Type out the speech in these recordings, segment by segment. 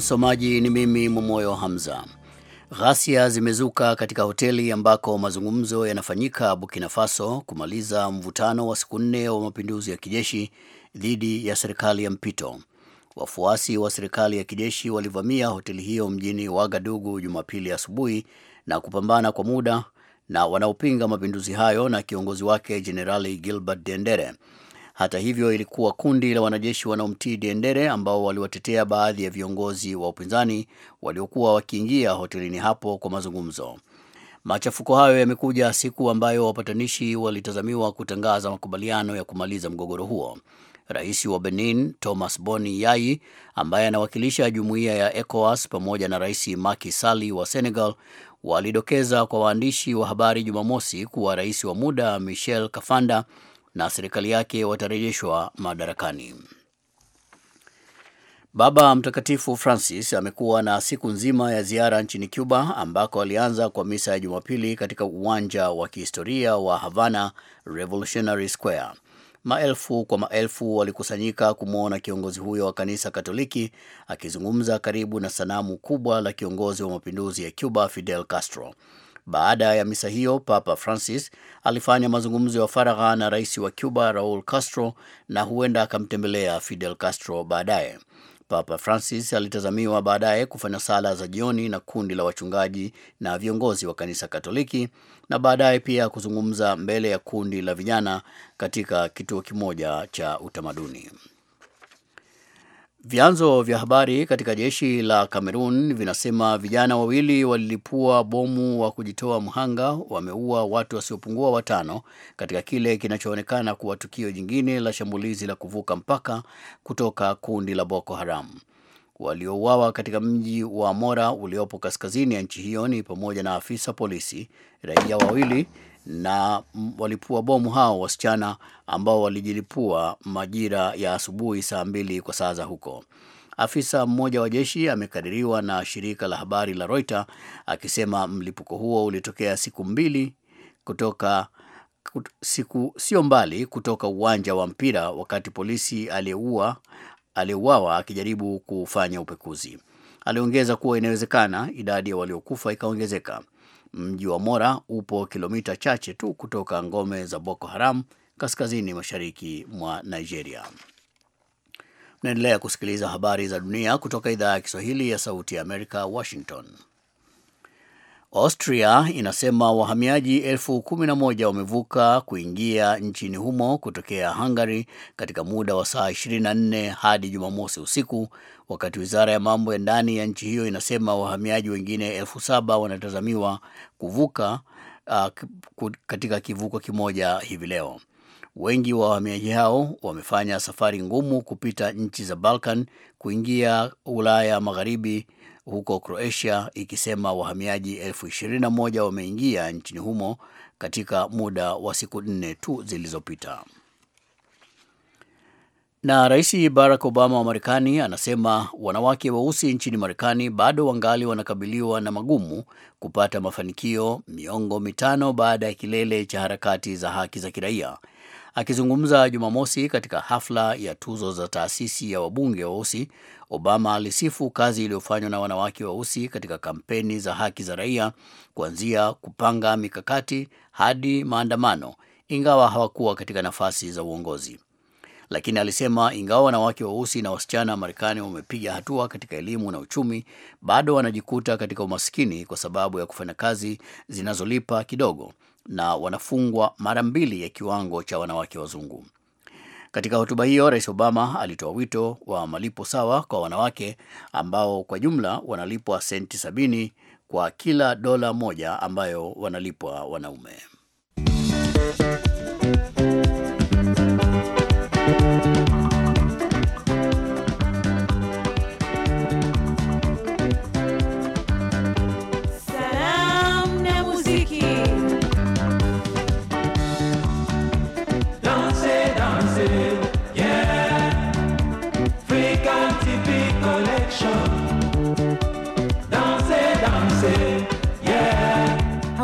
Msomaji ni mimi Mwamoyo Hamza. Ghasia zimezuka katika hoteli ambako mazungumzo yanafanyika Burkina Faso kumaliza mvutano wa siku nne wa mapinduzi ya kijeshi dhidi ya serikali ya mpito. Wafuasi wa serikali ya kijeshi walivamia hoteli hiyo mjini Wagadugu Jumapili asubuhi na kupambana kwa muda na wanaopinga mapinduzi hayo na kiongozi wake Jenerali Gilbert Dendere hata hivyo, ilikuwa kundi la wanajeshi wanaomtii Diendere ambao waliwatetea baadhi ya viongozi wa upinzani waliokuwa wakiingia hotelini hapo kwa mazungumzo. Machafuko hayo yamekuja siku ambayo wapatanishi walitazamiwa kutangaza makubaliano ya kumaliza mgogoro huo. Rais wa Benin Thomas Boni Yayi, ambaye anawakilisha jumuiya ya ECOWAS pamoja na Rais Macky Sall wa Senegal, walidokeza kwa waandishi wa habari Jumamosi kuwa rais wa muda Michel Kafanda na serikali yake watarejeshwa madarakani. Baba Mtakatifu Francis amekuwa na siku nzima ya ziara nchini Cuba ambako alianza kwa misa ya Jumapili katika uwanja wa kihistoria wa Havana, Revolutionary Square. Maelfu kwa maelfu walikusanyika kumwona kiongozi huyo wa kanisa Katoliki akizungumza karibu na sanamu kubwa la kiongozi wa mapinduzi ya Cuba, Fidel Castro. Baada ya misa hiyo, Papa Francis alifanya mazungumzo ya faragha na rais wa Cuba Raul Castro na huenda akamtembelea Fidel Castro baadaye. Papa Francis alitazamiwa baadaye kufanya sala za jioni na kundi la wachungaji na viongozi wa kanisa Katoliki na baadaye pia kuzungumza mbele ya kundi la vijana katika kituo kimoja cha utamaduni. Vyanzo vya habari katika jeshi la cameron vinasema vijana wawili walilipua bomu wa kujitoa mhanga wameua watu wasiopungua watano katika kile kinachoonekana kuwa tukio jingine la shambulizi la kuvuka mpaka kutoka kundi la Boko Haram. Waliouawa katika mji wa Mora uliopo kaskazini ya nchi hiyo ni pamoja na afisa polisi, raia wawili na walipua bomu hao wasichana ambao walijilipua majira ya asubuhi saa mbili kwa saa za huko. Afisa mmoja wa jeshi amekadiriwa na shirika la habari la Reuters akisema mlipuko huo ulitokea siku mbili kutoka kut, siku sio mbali kutoka uwanja wa mpira wakati polisi aliyeuawa akijaribu kufanya upekuzi. Aliongeza kuwa inawezekana idadi ya waliokufa ikaongezeka. Mji wa Mora upo kilomita chache tu kutoka ngome za Boko Haram kaskazini mashariki mwa Nigeria. Mnaendelea kusikiliza habari za dunia kutoka idhaa ya Kiswahili ya Sauti ya Amerika, Washington. Austria inasema wahamiaji elfu kumi na moja wamevuka kuingia nchini humo kutokea Hungary katika muda wa saa 24 hadi Jumamosi usiku, wakati wizara ya mambo ya ndani ya nchi hiyo inasema wahamiaji wengine elfu saba wanatazamiwa kuvuka uh, katika kivuko kimoja hivi leo. Wengi wa wahamiaji hao wamefanya safari ngumu kupita nchi za Balkan kuingia Ulaya Magharibi huko Croatia ikisema wahamiaji elfu ishirini na moja wameingia nchini humo katika muda wa siku nne tu zilizopita. Na Rais Barack Obama wa Marekani anasema wanawake weusi nchini Marekani bado wangali wanakabiliwa na magumu kupata mafanikio miongo mitano baada ya kilele cha harakati za haki za kiraia Akizungumza Jumamosi katika hafla ya tuzo za taasisi ya wabunge weusi, Obama alisifu kazi iliyofanywa na wanawake weusi katika kampeni za haki za raia, kuanzia kupanga mikakati hadi maandamano, ingawa hawakuwa katika nafasi za uongozi. Lakini alisema ingawa wanawake weusi na wasichana wa Marekani wamepiga hatua katika elimu na uchumi, bado wanajikuta katika umaskini kwa sababu ya kufanya kazi zinazolipa kidogo na wanafungwa mara mbili ya kiwango cha wanawake wazungu. Katika hotuba hiyo, Rais Obama alitoa wito wa malipo sawa kwa wanawake ambao kwa jumla wanalipwa senti sabini kwa kila dola moja ambayo wanalipwa wanaume.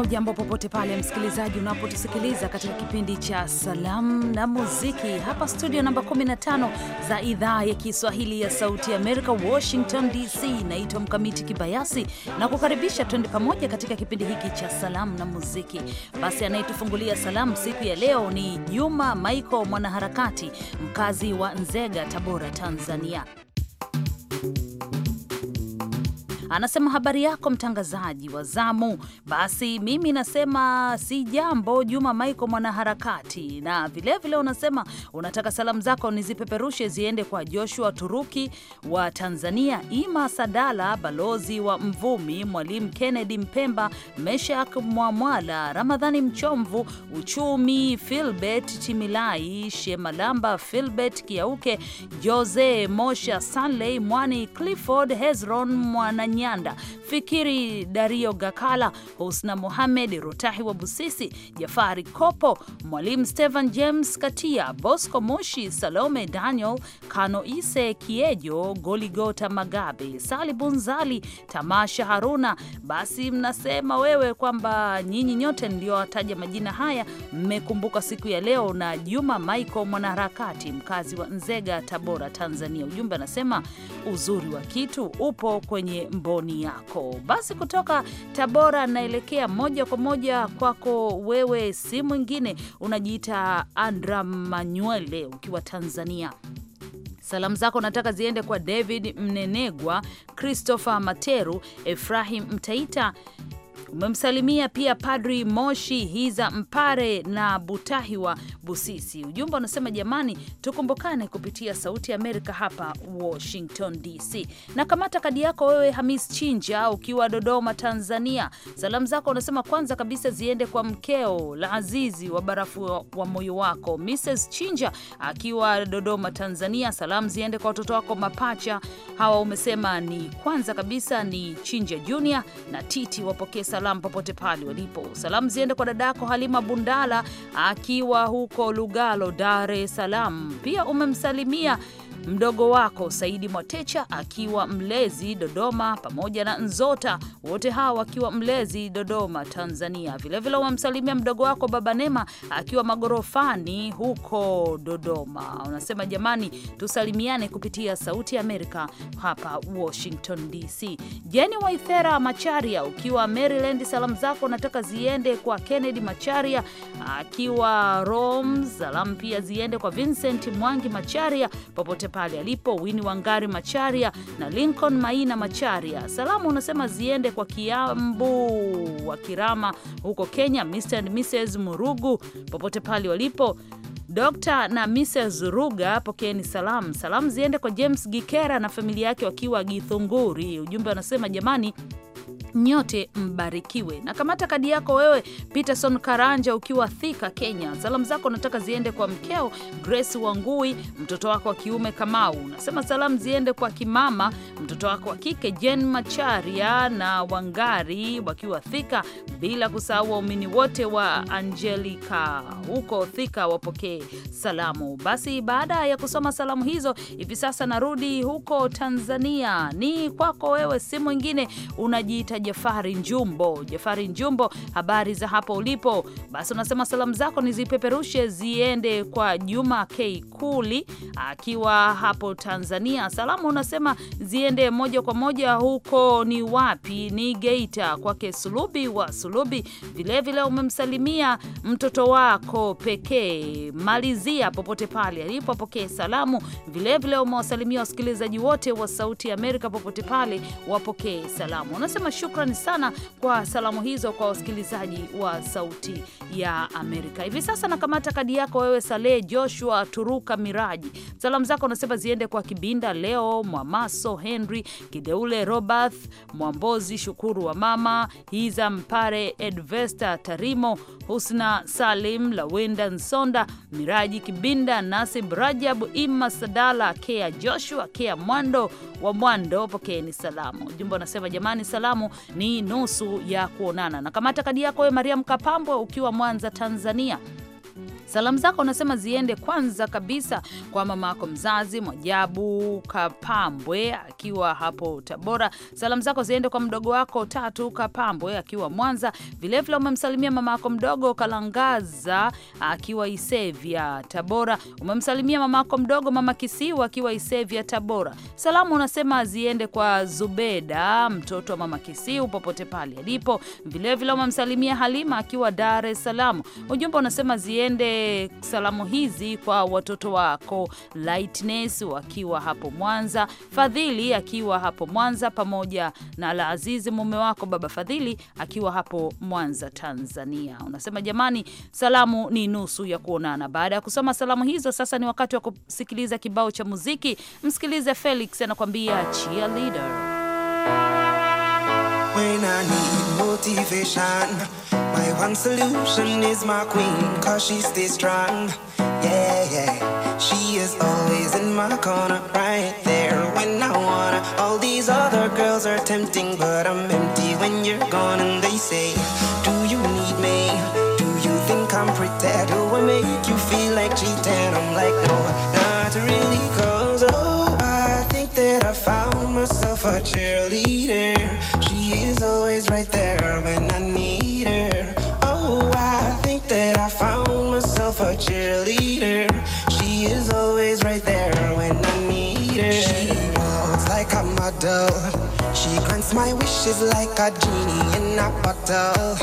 Hujambo popote pale msikilizaji, unapotusikiliza katika kipindi cha salamu na muziki hapa studio namba 15 za idhaa ya Kiswahili ya Sauti ya Amerika, Washington DC. Naitwa Mkamiti Kibayasi na kukaribisha twende pamoja katika kipindi hiki cha salamu na muziki. Basi anayetufungulia salamu siku ya leo ni Juma Michael, mwanaharakati mkazi wa Nzega, Tabora, Tanzania anasema habari yako mtangazaji wa zamu. Basi mimi nasema si jambo, Juma Maiko mwanaharakati, na vilevile vile unasema unataka salamu zako nizipeperushe ziende kwa Joshua Turuki wa Tanzania, Ima Sadala, balozi wa Mvumi, Mwalimu Kennedy Mpemba, Meshak Mwamwala, Ramadhani Mchomvu, Uchumi Filbert chimilai Shemalamba Filbert Kiauke, Jose Mosha, Sanley Mwani, Clifford Hezron Mwananya Nyanda, Fikiri Dario Gakala, Husna Mohamed, Rutahi wa Busisi, Jafari Kopo, Mwalimu Stephen James Katia, Bosco Moshi, Salome Daniel, Kano Ise Kiejo, Goligota Magabe, Sali Bunzali, Tamasha Haruna. Basi mnasema wewe kwamba nyinyi nyote wataja majina haya mmekumbuka siku ya leo, na Juma Michael, mwanaharakati mkazi wa Nzega, Tabora, Tanzania. Ujumbe anasema uzuri wa kitu upo kwenye tumboni yako. Basi kutoka Tabora naelekea moja kwa moja kwako wewe, si mwingine, unajiita Andra Manywele ukiwa Tanzania. Salamu zako nataka ziende kwa David Mnenegwa, Christopher Materu, Efrahim Mtaita, Umemsalimia pia Padri Moshi Hiza Mpare na Butahiwa Busisi. Ujumbe unasema jamani, tukumbukane kupitia Sauti ya Amerika hapa Washington DC. Na kamata kadi yako wewe, Hamis Chinja, ukiwa Dodoma, Tanzania. Salamu zako unasema kwanza kabisa ziende kwa mkeo la azizi wa barafu wa moyo wako Mrs Chinja akiwa Dodoma, Tanzania. Salamu ziende kwa watoto wako mapacha hawa, umesema ni kwanza kabisa ni Chinja Junior na Titi, wapokee salamu popote pale walipo. Salamu ziende kwa dadako Halima Bundala akiwa huko Lugalo, Dar es Salaam. Pia umemsalimia mdogo wako Saidi Mwatecha akiwa Mlezi Dodoma, pamoja na Nzota, wote hawa akiwa Mlezi Dodoma, Tanzania. Vilevile wamsalimia mdogo wako Baba Nema akiwa magorofani huko Dodoma. Unasema jamani, tusalimiane kupitia Sauti ya Amerika hapa Washington DC. Jeni Waithera Macharia ukiwa Maryland, salamu zako nataka ziende kwa Kennedy Macharia akiwa Rome. Salamu pia ziende kwa Vincent Mwangi Macharia popote pale alipo Wini Wangari Macharia na Lincoln Maina Macharia. Salamu unasema ziende kwa Kiambu wa Kirama huko Kenya, Mr and Mrs Murugu popote pale walipo Dr na Mrs Ruga, pokeeni salamu. Salamu ziende kwa James Gikera na familia yake wakiwa Githunguri. Ujumbe anasema jamani, nyote mbarikiwe. Na kamata kadi yako wewe, Peterson Karanja, ukiwa Thika, Kenya. Salamu zako nataka ziende kwa mkeo Grace Wangui, mtoto wako wa kiume Kamau. Unasema salamu ziende kwa kimama, mtoto wako wa kike Jen Macharia na Wangari wakiwa Thika, bila kusahau waumini wote wa Angelika huko Thika wapokee salamu. Basi baada ya kusoma salamu hizo, hivi sasa narudi huko Tanzania, ni kwako wewe, si mwingine unaji anajiita Jafari Njumbo. Jafari Njumbo, habari za hapo ulipo? Basi unasema salamu zako nizipeperushe ziende kwa Juma K Kuli akiwa hapo Tanzania. Salamu unasema ziende moja kwa moja huko, ni wapi? Ni Geita kwake Sulubi wa Sulubi. Vilevile umemsalimia mtoto wako pekee Malizia popote pale alipo, apokee salamu. Vilevile umewasalimia wasikilizaji wote wa Sauti ya Amerika popote pale, wapokee salamu. Unasema tunasema shukrani sana kwa salamu hizo kwa wasikilizaji wa Sauti ya Amerika. Hivi sasa nakamata kadi yako wewe, Salehe Joshua Turuka Miraji. Salamu zako unasema ziende kwa Kibinda Leo Mwamaso, Henry Kideule, Robert Mwambozi, Shukuru wa mama Hiza Mpare, Edvesta Tarimo, Husna Salim, Lawenda Nsonda, Miraji Kibinda, Nasib rajab Ima Sadala, Kea Joshua, Kea Mwando wa Mwando, pokeeni salamu. jumba anasema jamani, salamu Salamu ni nusu ya kuonana. Na kamata kadi yako we Mariam Kapambwe ukiwa Mwanza, Tanzania. Salamu zako unasema ziende kwanza kabisa kwa mama yako mzazi Mwajabu Kapambwe akiwa hapo Tabora. Salamu zako ziende kwa mdogo wako Tatu Kapambwe akiwa Mwanza. Vilevile umemsalimia mama yako mdogo Kalangaza akiwa Isevya Tabora. Umemsalimia mama yako mdogo mama Kisiwa akiwa Isevya Tabora. Salamu unasema ziende kwa Zubeda mtoto wa mama Kisiu popote pale alipo. Vilevile umemsalimia Halima akiwa Dar es Salaam. Ujumbe unasema ziende salamu hizi kwa watoto wako Lightness wakiwa hapo Mwanza, Fadhili akiwa hapo Mwanza, pamoja na Alazizi mume wako baba Fadhili akiwa hapo Mwanza, Tanzania. Unasema jamani, salamu ni nusu ya kuonana. Baada ya kusoma salamu hizo, sasa ni wakati wa kusikiliza kibao cha muziki. Msikilize Felix anakuambia cheerleader. When I need motivation My one solution is my queen, cause she stays strong. Yeah, yeah. She is always in my corner, right there when I wanna. All these other girls are tempting, but I'm empty when you're gone. And they say, Do you need me? Do you think I'm pretend? Do I make you feel like cheating? I'm like, No, not really, cause oh, I think that I found myself a cheerleader. She is always right there when I need cheerleader. She is always right there when I need her. She walks like a model. She grants my wishes like a genie in a bottle.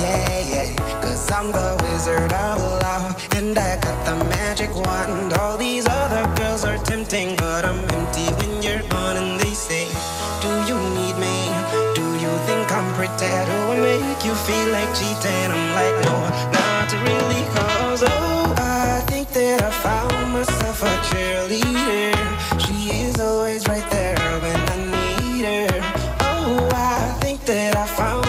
Yeah, yeah. Cause I'm the wizard of love. And I got the magic wand. All these other girls are tempting, but I'm empty when you're gone. And they say, Do you need me? Do you think I'm pretend? Do I make you feel like cheating? I'm like, No, not really that I found myself a cheerleader. She is always right there when I need her. Oh, I think that I found.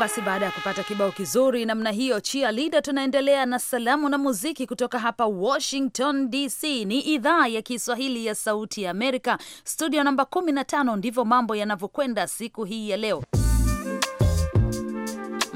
Basi baada ya kupata kibao kizuri namna hiyo, chia lida, tunaendelea na salamu na muziki kutoka hapa Washington DC. Ni idhaa ya Kiswahili ya Sauti ya Amerika, studio namba 15. Ndivyo mambo yanavyokwenda siku hii ya leo.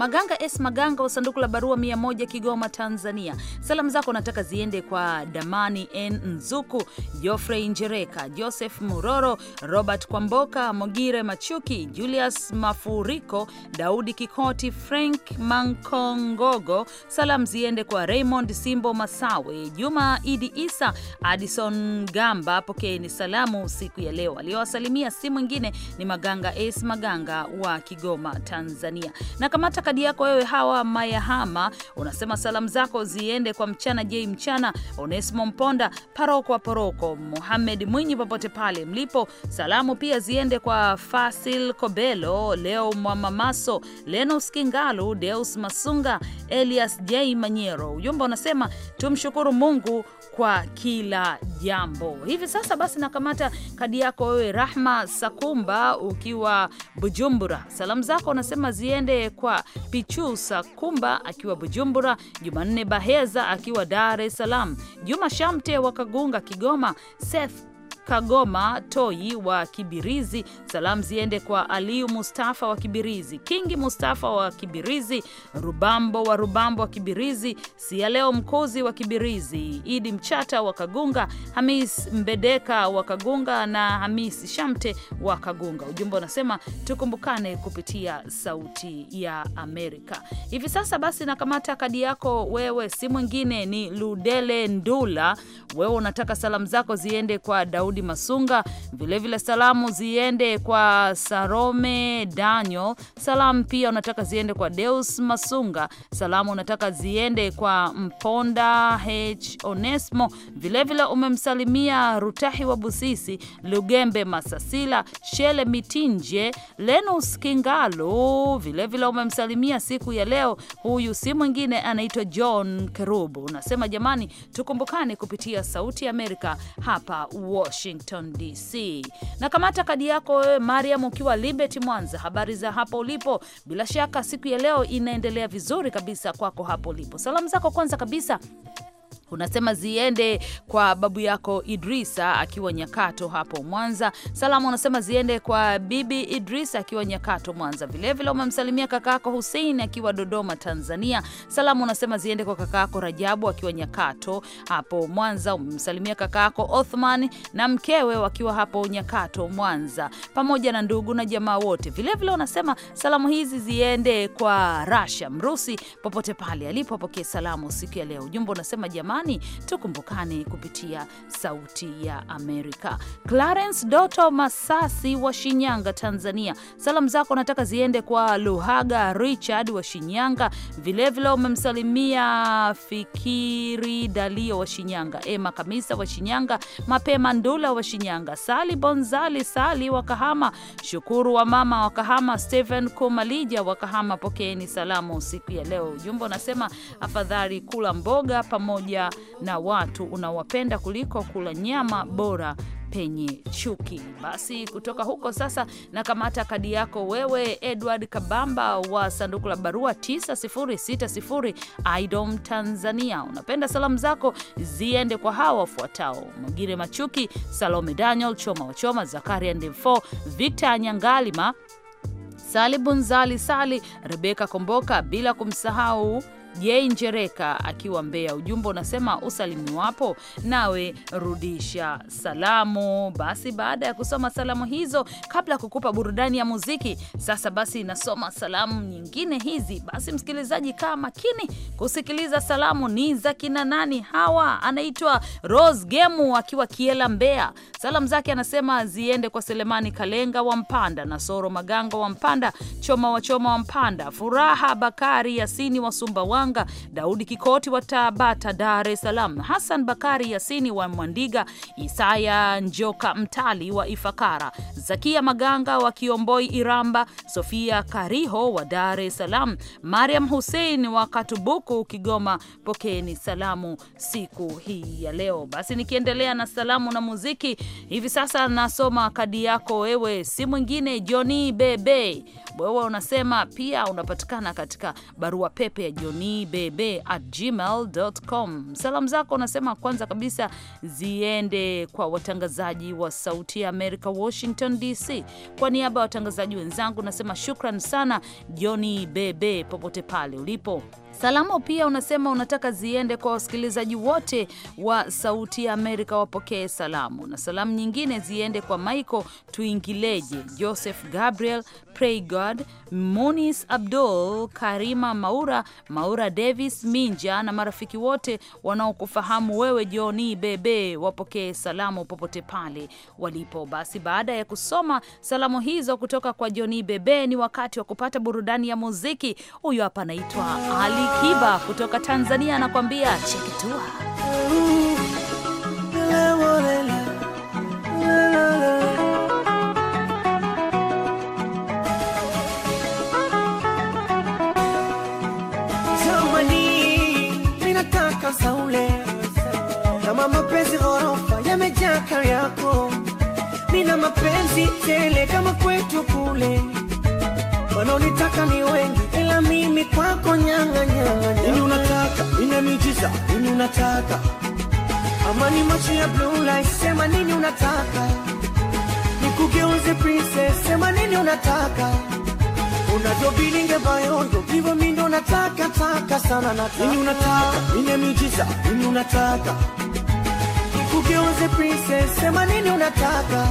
Maganga S Maganga wa sanduku la barua 100 Kigoma, Tanzania. Salamu zako nataka ziende kwa Damani N Nzuku, Geoffrey Njereka, Joseph Muroro, Robert Kwamboka, Mogire Machuki, Julius Mafuriko, Daudi Kikoti, Frank Mankongogo. Salamu ziende kwa Raymond Simbo Masawe, Juma Idi Isa, Addison Gamba. Pokeeni salamu siku ya leo. Aliyowasalimia si mwingine ni Maganga S Maganga wa Kigoma, Tanzania. Na kamata kadi yako wewe, Hawa Mayahama, unasema salamu zako ziende kwa Mchana Jei, Mchana Onesimo Mponda, Paroko wa Poroko, Muhamed Mwinyi, popote pale mlipo. Salamu pia ziende kwa Fasil Kobelo, Leo Mwamamaso, Lenus Kingalu, Deus Masunga, Elias J Manyero. Ujumbe unasema tumshukuru Mungu kwa kila jambo. Hivi sasa basi, nakamata kadi yako wewe, Rahma Sakumba, ukiwa Bujumbura. Salamu zako unasema ziende kwa Pichusa Kumba akiwa Bujumbura, Jumanne Baheza akiwa Dar es Salaam, Juma Shamte wa Kagunga, Kigoma, Seth Kagoma Toi wa Kibirizi. Salamu ziende kwa Aliu Mustafa wa Kibirizi, Kingi Mustafa wa Kibirizi, Rubambo wa Rubambo wa Kibirizi, Sialeo Mkozi wa Kibirizi, Idi Mchata wa Kagunga, Hamis Mbedeka wa Kagunga na Hamis Shamte wa Kagunga. Ujumbe unasema tukumbukane kupitia Sauti ya Amerika. Hivi sasa basi, nakamata kadi yako wewe, si mwingine ni Ludele Ndula. Wewe unataka salamu zako ziende kwa Daudi Daudi Masunga. Vilevile vile salamu ziende kwa Sarome Daniel. Salamu pia unataka ziende kwa Deus Masunga. Salamu unataka ziende kwa Mponda H Onesmo. Vilevile vile umemsalimia Rutahi wa Busisi, Lugembe Masasila, Shele Mitinje, Lenus Kingalu. Vilevile umemsalimia siku ya leo, huyu si mwingine anaitwa John Kerubu. Unasema jamani, tukumbukane kupitia Sauti ya Amerika hapa Washington. Washington DC. Na kamata kadi yako wewe, Mariam, ukiwa Liberty Mwanza. Habari za hapo ulipo? Bila shaka siku ya leo inaendelea vizuri kabisa kwako hapo ulipo. Salamu zako kwanza kabisa unasema ziende kwa babu yako Idrisa akiwa Nyakato hapo Mwanza. Salamu unasema ziende kwa bibi Idrisa akiwa Nyakato Mwanza. Vilevile umemsalimia kakaako Hussein akiwa Dodoma Tanzania. Salamu unasema ziende kwa kakaako Rajabu akiwa Nyakato hapo Mwanza. Umemsalimia kakaako Othman na mkewe wakiwa hapo Nyakato Mwanza, pamoja na ndugu na jamaa wote. Vilevile unasema salamu hizi ziende kwa Rasha Mrusi popote pale alipo, apokee salamu siku ya leo. Ujumbe unasema jamaa Marekani, tukumbukane kupitia Sauti ya Amerika. Clarence Doto Masasi wa Shinyanga, Tanzania, salamu zako nataka ziende kwa Luhaga Richard wa Shinyanga, vilevile umemsalimia Fikiri Dalio wa Shinyanga, Ema Kamisa wa Shinyanga, Mapema Ndula wa Shinyanga, Sali Bonzali Sali wa Kahama, Shukuru wa mama wa Kahama, Stephen Kumalija wa Kahama, pokeeni salamu siku ya leo. Ujumbe unasema afadhali kula mboga pamoja na watu unawapenda kuliko kula nyama bora penye chuki. Basi kutoka huko sasa, na kamata kadi yako wewe, Edward Kabamba wa sanduku la barua 9060 Idom, Tanzania. Unapenda salamu zako ziende kwa hawa wafuatao: Mwigire Machuki, Salome Daniel, Choma Wachoma, Zakaria Ndemfo, Victor Anyangalima, Sali Bunzali, Sali Rebeka Komboka, bila kumsahau Jei Njereka akiwa Mbeya. Ujumbe unasema usalimu wapo nawe rudisha salamu. Basi baada ya kusoma salamu hizo, kabla ya kukupa burudani ya muziki, sasa basi nasoma salamu nyingine hizi. Basi msikilizaji, kaa makini kusikiliza salamu ni za kina nani hawa. Anaitwa Rose Gemu akiwa Kiela Mbeya. Salamu zake anasema ziende kwa Selemani Kalenga wa Mpanda, Nasoro Maganga wa Mpanda, Choma Wachoma wa Mpanda, Furaha Bakari Yasini wa Sumbawanga, Daudi Kikoti wa Tabata, Dar es Salaam, Hassan Bakari Yasini wa Mwandiga, Isaya Njoka Mtali wa Ifakara, Zakia Maganga wa Kiomboi Iramba, Sofia Kariho wa Dar es Salaam, Mariam Hussein wa Katubuku Kigoma. Pokeni salamu siku hii ya leo. Basi nikiendelea na salamu na muziki hivi sasa, nasoma kadi yako wewe, si mwingine Joni Bebe. Wewe unasema pia unapatikana katika barua pepe ya Joni nibb@gmail.com. Salamu zako unasema kwanza kabisa ziende kwa watangazaji wa Sauti ya Amerika Washington DC. Kwa niaba ya watangazaji wenzangu nasema shukran sana Joni Bebe, popote pale ulipo Salamu pia unasema unataka ziende kwa wasikilizaji wote wa Sauti ya Amerika, wapokee salamu na salamu nyingine ziende kwa Michael Tuingileje, Joseph Gabriel, Pray God, Munis Abdul, Karima Maura, Maura Davis Minja na marafiki wote wanaokufahamu wewe, Joni Bebe, wapokee salamu popote pale walipo. Basi baada ya kusoma salamu hizo kutoka kwa Joni Bebe, ni wakati wa kupata burudani ya muziki. huyu hapa anaitwa Ali Kiba kutoka Tanzania anakuambia chekitua. Zamani minataka ghorofa yamejaa kari yako, mina mapenzi tele kama kwetu kule, wanaonitaka ni wengi, ila mimi kwako nyang'anya unataka amani, macho ya blue light, sema nini unataka nikugeuze princess, sema nini unataka unavyobilinge bayo ndo vivo mindo nataka taka sana nataka nini unataka nini miujiza nini unataka nikugeuze princess, sema nini unataka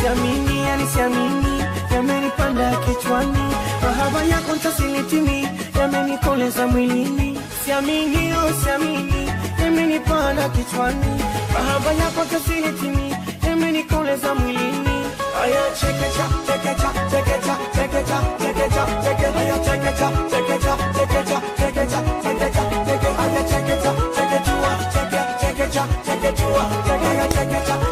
siamini, yani siamini yamenipanda kichwani, mahaba yako ntasilitimi, yamenikoleza mwilini usiamini, usiamini, imenipanda kichwani, mahaba yako tasihitimi, imenikoleza mwilini. Aya, chekecha chekecha chekecha chekecha chekecha cheke, aya chekecha chekecha chekecha chekecha chekecha cheke, aya chekecha chekechua cheke chekecha chekechua cheke, aya chekecha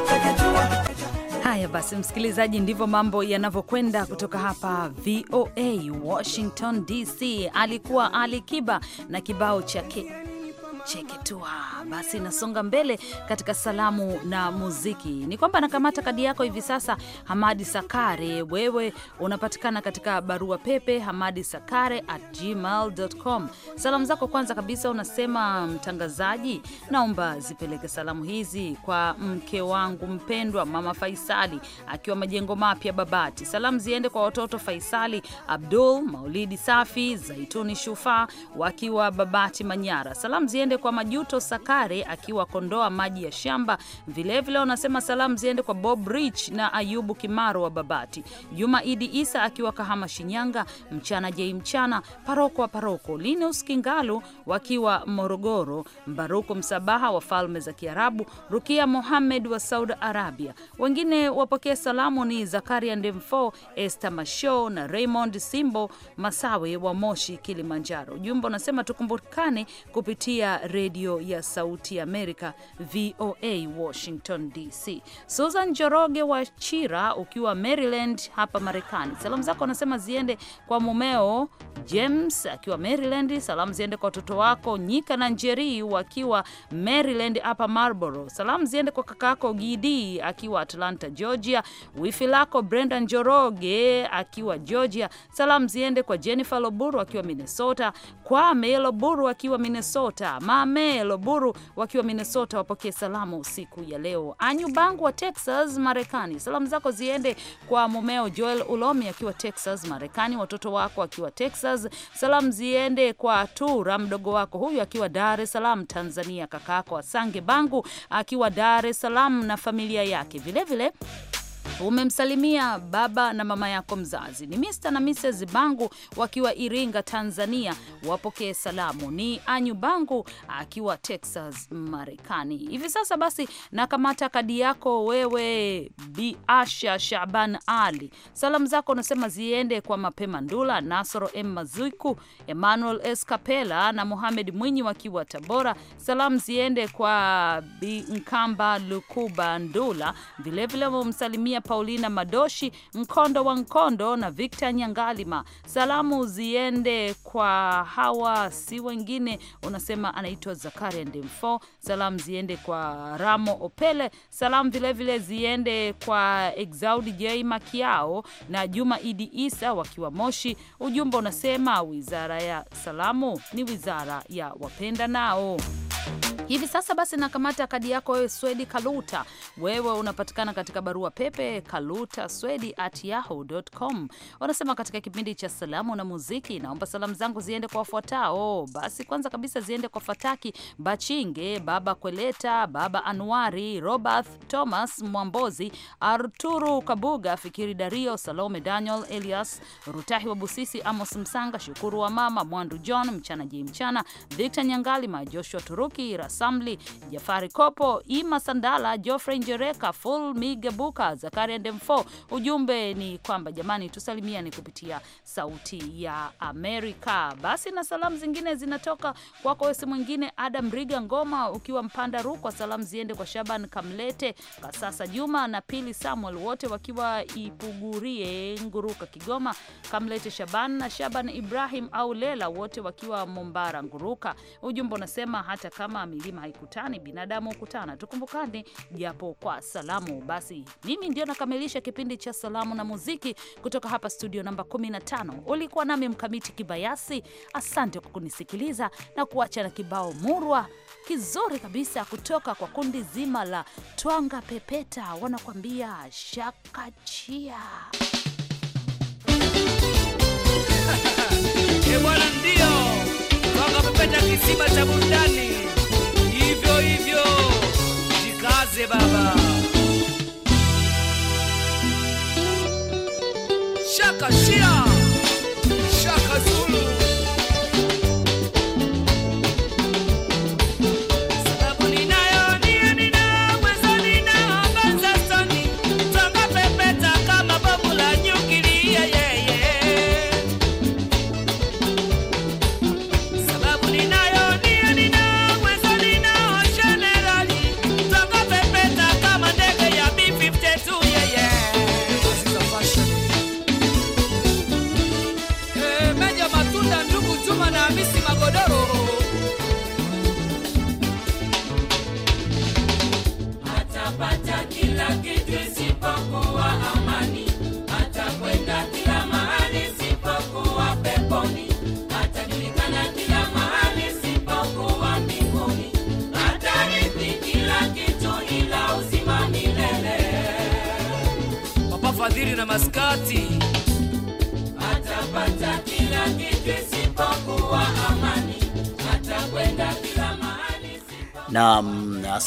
Haya basi, msikilizaji, ndivyo mambo yanavyokwenda kutoka hapa VOA Washington DC. Alikuwa Ali Kiba na kibao chake cheke tu. Basi nasonga mbele katika salamu na muziki, ni kwamba nakamata kadi yako hivi sasa, Hamadi Sakare. Wewe unapatikana katika barua pepe hamadi sakare at gmail.com. Salamu zako kwanza kabisa unasema, mtangazaji, naomba zipeleke salamu hizi kwa mke wangu mpendwa mama Faisali akiwa majengo mapya Babati. Salamu ziende kwa watoto Faisali, Abdul, Maulidi Safi, Zaituni Shufa wakiwa Babati Manyara. Salamu ziende ziende kwa Majuto Sakare akiwa Kondoa maji ya shamba. Vilevile wanasema salamu ziende kwa Bob Rich na Ayubu Kimaro wa Babati, Juma Idi Isa akiwa Kahama Shinyanga, Mchana Jei Mchana, Paroko wa Paroko, Linus Kingalu wakiwa Morogoro, Mbaruku Msabaha wa Falme za Kiarabu, Rukia Mohamed wa Saudi Arabia. Wengine wapokea salamu ni Zakaria Ndemfo, Esther Masho na Raymond Simbo Masawe wa Moshi, Kilimanjaro. Jumba unasema tukumbukane kupitia redio ya Sauti ya Amerika, VOA Washington DC. Susan Joroge wa Chira, ukiwa Maryland hapa Marekani, salamu zako anasema ziende kwa mumeo James akiwa Maryland. Salamu ziende kwa watoto wako Nyika na Njeri wakiwa Maryland hapa Marlboro. Salamu ziende kwa kakako Gidi akiwa Atlanta Georgia, wifi lako Brendan Joroge akiwa Georgia. Salamu ziende kwa Jennifer Loburu akiwa Minnesota, Kwame Loburu akiwa Minnesota, Mame Loburu wakiwa Minnesota wapokee salamu siku ya leo. Anyu Bangu wa Texas, Marekani, salamu zako ziende kwa mumeo Joel Ulomi akiwa Texas, Marekani, watoto wako akiwa Texas. Salamu ziende kwa Tura mdogo wako huyu akiwa Dar es Salaam, Tanzania, kakaako Asange Bangu akiwa Dar es Salaam na familia yake vilevile vile umemsalimia baba na mama yako mzazi. Ni Mr na Mrs Bangu wakiwa Iringa, Tanzania, wapokee salamu. Ni Anyu Bangu akiwa Texas, Marekani. Hivi sasa basi nakamata kadi yako wewe, Bi Asha Shaban Ali. Salamu zako unasema ziende kwa Mapema Ndula, Nasoro M Mazuiku, Emmanuel S Kapela na muhamed Mwinyi wakiwa Tabora. Salamu ziende kwa Bi Nkamba Lukuba Ndula, vilevile wamemsalimia Paulina Madoshi, Mkondo wa Mkondo na Victor Nyangalima. Salamu ziende kwa hawa si wengine, unasema anaitwa Zakaria Ndemfo. Salamu ziende kwa Ramo Opele. Salamu vilevile ziende kwa Exaudi J Makiao na Juma Idi Isa wakiwa Moshi. Ujumbe unasema wizara ya salamu ni wizara ya wapenda nao. Hivi sasa basi nakamata kadi yako wewe, Swedi Kaluta. Wewe unapatikana katika barua pepe kaluta swedi at yahoo.com. Wanasema katika kipindi cha salamu na muziki, naomba salamu zangu ziende kwa wafuatao. Basi kwanza kabisa ziende kwa Fataki Bachinge, Baba Kweleta, Baba Anuari, Robert Thomas Mwambozi, Arturu Kabuga, Fikiri Dario, Salome Daniel, Elias Rutahi wa Busisi, Amos Msanga, Shukuru wa Mama Mwandu, John Mchana Ji Mchana, Victor Nyangalima, Joshua Turuki Ras Samli, Jafari Kopo, Ima Sandala, Geoffrey Njereka, Full Migebuka, Zakaria Ndemfo. Ujumbe ni kwamba jamani, tusalimiane kupitia Sauti ya Amerika. Basi na salamu zingine zinatoka kwako wesi mwingine Adam Riga Ngoma, ukiwa Mpanda Rukwa. Salamu ziende kwa Shaban Kamlete, Kasasa Juma na Pili Samuel, wote wakiwa Ipugurie Nguruka, Kigoma. Kamlete Shaban na Shaban Ibrahim au Lela, wote wakiwa Mombara Nguruka. Ujumbe unasema hata kama milima haikutani, binadamu hukutana. Tukumbukane japo kwa salamu. Basi mimi ndio nakamilisha kipindi cha salamu na muziki kutoka hapa studio namba 15. Ulikuwa nami Mkamiti Kibayasi. Asante kwa kunisikiliza na kuacha na kibao murwa kizuri kabisa kutoka kwa kundi zima la Twanga Pepeta, wanakwambia shakachia bwana. Ndio Twanga Pepeta, kisima cha burudani. hivyo hivyo, jikaze baba. Shaka shia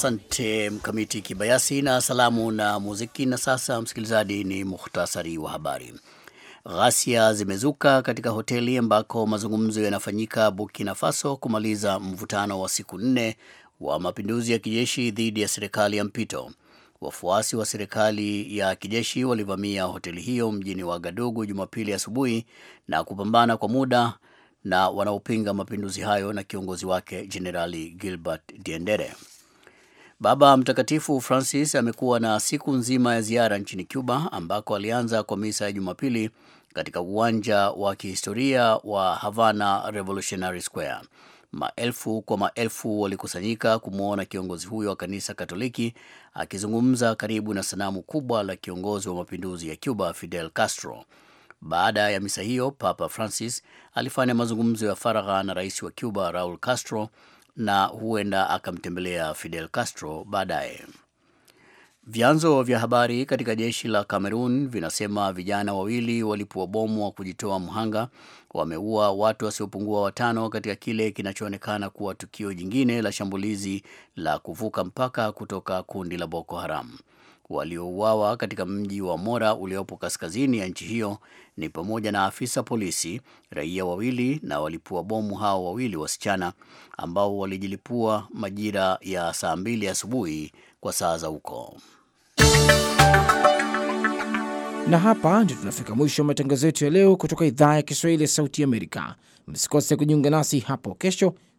Asante Mkamiti Kibayasi na salamu na muziki. Na sasa, msikilizaji, ni muhtasari wa habari. Ghasia zimezuka katika hoteli ambako mazungumzo yanafanyika Burkina Faso kumaliza mvutano wa siku nne wa mapinduzi ya kijeshi dhidi ya serikali ya mpito. Wafuasi wa serikali ya kijeshi walivamia hoteli hiyo mjini Wagadugu Jumapili asubuhi na kupambana kwa muda na wanaopinga mapinduzi hayo na kiongozi wake Jenerali Gilbert Diendere. Baba Mtakatifu Francis amekuwa na siku nzima ya ziara nchini Cuba ambako alianza kwa misa ya Jumapili katika uwanja wa kihistoria wa Havana Revolutionary Square. Maelfu kwa maelfu walikusanyika kumwona kiongozi huyo wa kanisa Katoliki akizungumza karibu na sanamu kubwa la kiongozi wa mapinduzi ya Cuba Fidel Castro. Baada ya misa hiyo, Papa Francis alifanya mazungumzo ya faragha na rais wa Cuba Raul Castro na huenda akamtembelea Fidel Castro baadaye. Vyanzo vya habari katika jeshi la cameron vinasema vijana wawili walipua bomu wa kujitoa mhanga wameua watu wasiopungua watano katika kile kinachoonekana kuwa tukio jingine la shambulizi la kuvuka mpaka kutoka kundi la Boko Haram waliouawa katika mji wa Mora uliopo kaskazini ya nchi hiyo ni pamoja na afisa polisi, raia wawili na walipua bomu hao wawili wasichana ambao walijilipua majira ya saa mbili asubuhi kwa saa za huko. Na hapa ndio tunafika mwisho wa matangazo yetu ya leo kutoka idhaa ya Kiswahili ya Sauti Amerika. Msikose kujiunga nasi hapo kesho